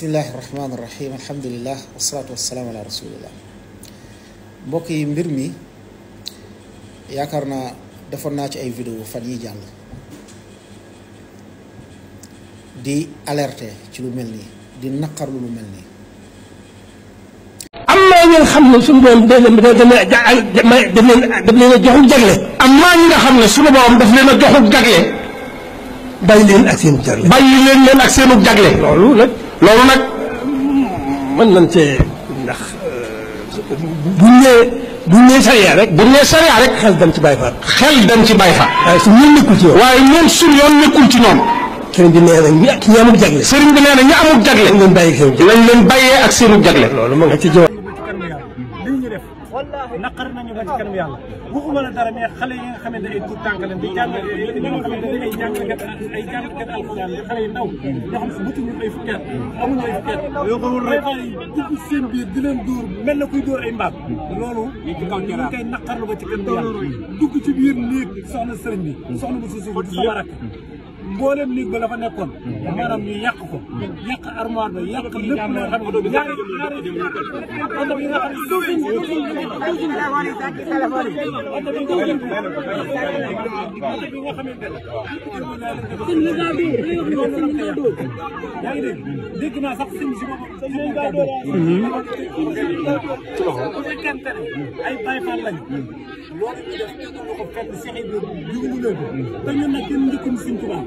bismillahi rahmaani rahim alhamdulilah wasalaatu wasalaamu ala rasulillah mbokk yi mbir mi yaakaar naa defoon naa ci ay vidéo fan yi jàll di alerte ci lu mel nii di naqarlu lu mel nii am naa ñi na xam ne suñu borom daf leen daf leen a joxu jagle am naa ñi nga xam ne suñu borom daf a jagle bàyyi leen ak seen jagle. bàyyi leen leen ak seenu jagle. loolu nag loolu nag mën nañ cee ndax euh, buñ nee buñ nee sariya rek. buñ nee sariya rek. xel dem ci Baay Faal. xel dem ci Baay Faal. waaye su ñun nekkul ci yoon. waaye ñun suñu yoon nekkul ci noonu. sëriñ bi nee na ñi ak ñi amul jagle. sëriñ bi na ñi amul jagle. lañ leen bàyyi ak seenu leen bàyyee ak seenu jagle. loolu moo nga ci jox. naqar nañu ba ci kanam yàlla. waxuma la dara mais xale yi nga xamante ne ay tur tànk lañ di jàngal ñi nga xamante ne ay jàngalkat ay jàngalkat alxuraan la xale yu ndaw ñoo xam si bëtuñu ay fukki at amuñu ay fukki at yoxawul rek ay dugg seen biir di leen dóor mel na kuy dóor ay mbaam loolu ñu koy naqarlu ba ci kër dugg ci biir néeg soxna sëriñ bi soxna bu si suuf sama rakk mboolem ligue ba la fa nekkoon maanaam ñu yàq ko yàq armoire ba yàq lépp loo xam ne ñaari oto bi nga xam ne suñ oto bi nga xam ne yaa ngi dégg dégg naa sax suñ si bu fekkente ne ay Baye Fall lañu loolu ñu def tegu ko fenn Cheikh Ibrahima jugalu leen te ñun nag kenn njëkkum suñ tubaab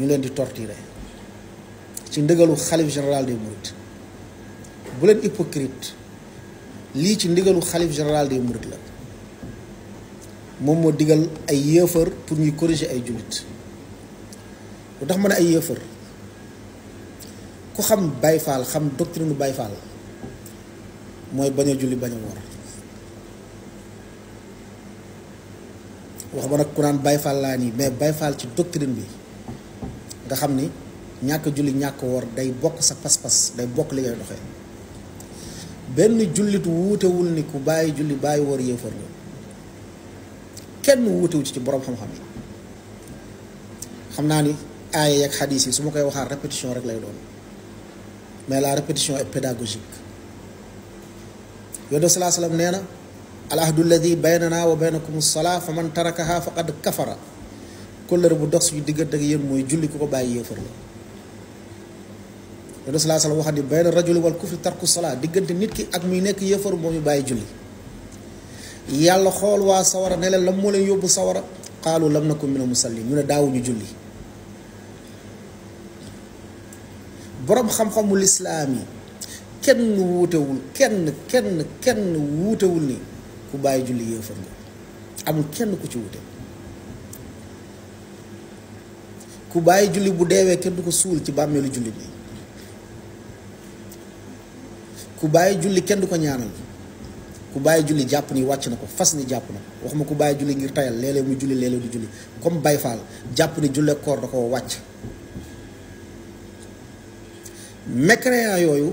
ñu leen di torturer ci ndigalu xalif général de mourides bu leen hypocrite lii ci ndigalu xalif général de mourides la moom moo digal ay yéefar pour ñuy corriger ay jullit lu tax ma ne ay yéefar ku xam bay Faal xam doctrine nu Baay Faal mooy bañ a julli bañ a woor wax ma nag ku naan bay Faal laa nii mais bay Faal ci doctrine bi nga xam ni ñàkk julli ñàkk woor day bokk sa pas-pas day bokk li ngay benn jullit wuutewul ni ku bàyyi julli bàyyi woor yéefar la kenn wuutewu ci ci boroom xam-xam yi xam naa ni aaya yeeg xadiis yi su ma koy waxaat répétition rek lay doon mais la répétition est pédagogique yonent salaa salaam nee na al ahdu alladi baynana wa baynakum salaa fa man tarakaha faqad kafara كولر بو دوخ سوني ديغت داك يين موي جولي كوكو باي ييفر لا رسول الله صلى الله عليه وسلم بين الرجل والكفر ترك الصلاه ديغت نيت كي اك مي نيك ييفر موي باي جولي يالا خول وا سوارا نيل لام مولا يوب سوارا قالوا لم نكن من المسلمين مونا داو ني جولي borom xam-xamu lislaam yi kenn wutewul kenn kenn kenn wutewul ni ku bàyyi julli yéefar nga amul kenn ku ci wutewul ku bàyyi julli bu deewee kenn du ko suul ci bàmmeelu jullit bi ku bàyyi julli kenn du ko ñaanal ku bàyyi julli jàpp ni wàcc na ko fas ni jàpp na wax ma ku bàyyi julli ngir tayal léeg-léeg mu julli léeg-léeg du julli comme bay Faal jàpp ni julle koor da koo wàcc mécréant yooyu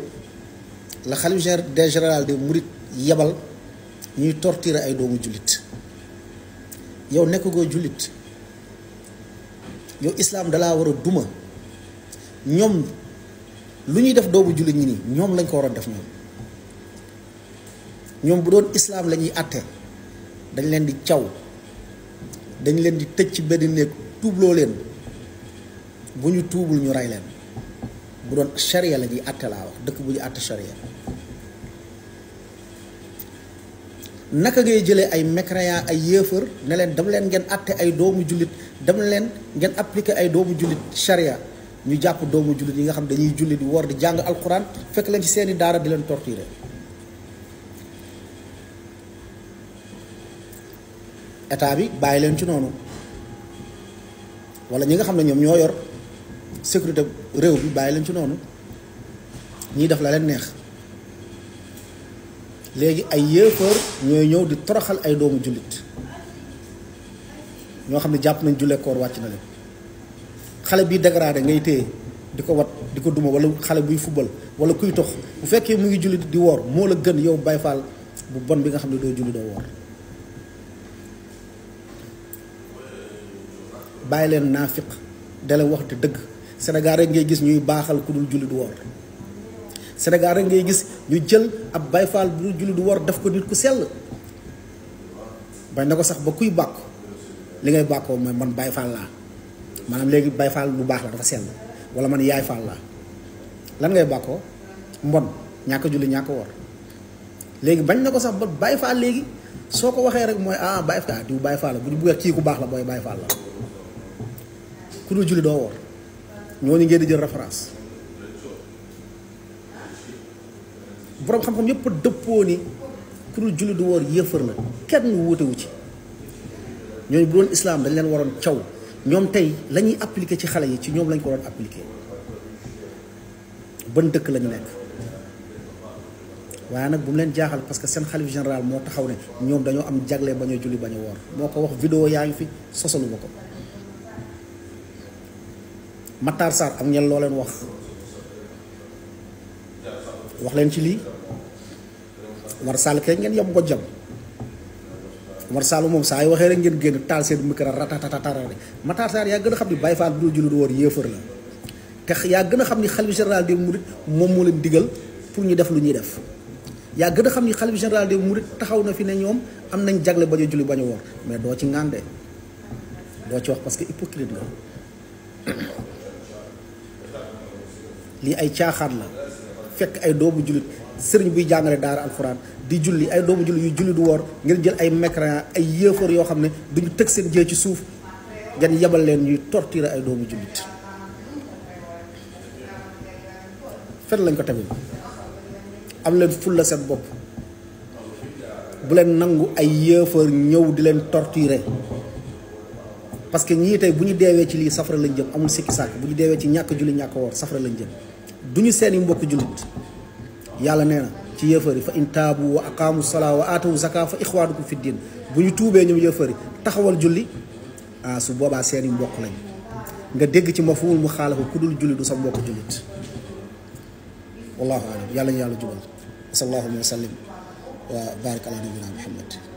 la xalif des général de murit yebal ñuy torturer ay doomu jullit yow nekk goo jullit yow islaam dalaa war a duma ñoom lu ñuy def doomu jullit ñi nii ñoom lañ ko waroon def ñoom ñoom bu doon islaam la ñuy àtte dañ leen di caw dañ leen di tëj ci benn néeg tuubloo leen bu ñu tuubul ñu rey leen bu doon charia la ñuy àtte laa wax dëkk bu ñu àtte charia naka ngay jëlee ay mécréant ay yéefar ne leen dama leen ngeen àtte ay doomu jullit dem leen ngeen appliqué ay doomu jullit charia ñu jàpp doomu jullit yi nga xam dañuy julli di woor di jàng alquran fekk leen ci seeni daara di leen torturer état bi bàyyi leen ci noonu wala ñi nga xam ne ñoom ñoo yor sécurité réew bi bàyyi leen ci noonu ñiy def la leen neex léegi ay yéefar ñooy ñëw di toroxal ay doomu jullit ñoo xam ne jàpp nañ julle koor wàcc na leen xale bi dégradé ngay téye di ko wat di ko duma wala xale buy football wala kuy tox bu fekkee mu ngi julli di woor moo la gën yow bay faal bu bon bi nga xam ne doo julli doo woor bàyyi leen naafiq dale waxte dëgg sénégal rek ngay gis ñuy baaxal ku dul julli du woor sénégal rek ngay gis ñu jël ab bayfaal bu dul julli du woor daf ko nit ku sell bañ na ko sax ba kuy bàkku li ngay bàkkoo mooy man Baye Fall laa maanaam léegi Baye Fall bu baax la dafa sell wala man Yaay Fall laa lan ngay bàkkoo mbon ñàkk julli ñàkk wor léegi bañ na ko sax ba Baye Fall léegi soo ko waxee rek mooy ah Baye Fall ah, diw Baye Fall la bu ñu buggee kii ku baax la booy Baye Fall la ku dul julli doo wor ñooñu ngeen di jël référence borom xam-xam yëpp dëppoo ni ku dul julli du wor la kenn ci ñooñu bu doon islam dañ leen waroon caw ñoom tey la ñuy ci xale yi ci ñoom lañ ko doon appliqué ban dëkk lañu nekk waaye nag bu mu leen jaaxal parce que seen xalif général moo taxaw ne ñoom dañoo am jagle bañ a julli bañ woor moo ko wax vidéo yaa ngi fi sosaluma ko Matar Sarr am ngeen loo leen wax wax leen ci lii war sàll kay ngeen yam ko jam Omar Sall moom saa yu waxee rek ngeen génn taal seen micro ratatatatara Matar Sarr yaa gën a xam ni Baye Fall bu jullit woon yéefar la te yaa gën a xam ni xalifa général des mourides moom moo leen digal pour ñu def lu ñuy def yaa gën a xam ni xalifa général des mourides taxaw na fi ne ñoom am nañ jagle bañ a julli bañ a woor mais doo ci ŋàndee doo ci wax parce que hypocrite la lii ay caaxaan la fekk ay doomu jullit sëriñ buy jàngale daara alxuraan di julli ay doomu julli yu julli du woor ngeen jël ay mécréant ay yéefar yoo xam ne duñu teg seen jëye ci suuf ngeen yebal leen ñuy torturer ay doomu jullit fen lañ ko tamit am leen fulla seen bopp bu leen nangu ay yéefar ñëw di leen torturer parce que ñii tey bu ñu deewee ci lii safara lañ jëm amul sikki sàkk bu ñu deewee ci ñàkk julli ñàkk woor safara lañ jëm du ñu seeni mbokk jullit yàlla nee na ci yëfar yi fa in taabu wa aqaamu salaa wa aatawu zaka fa ixwaanukum fi diin bu ñu tuubee ñoom yëfar yi taxawal julli ah su boobaa seeni mbokk lañ nga dégg ci mafoul mu xaalafa kudul dul julli du sa mbokk julit wallahu alam yàlla ñu yàlla jubal sallallahu alayhi wa sallam wa barik ala nabina muhammad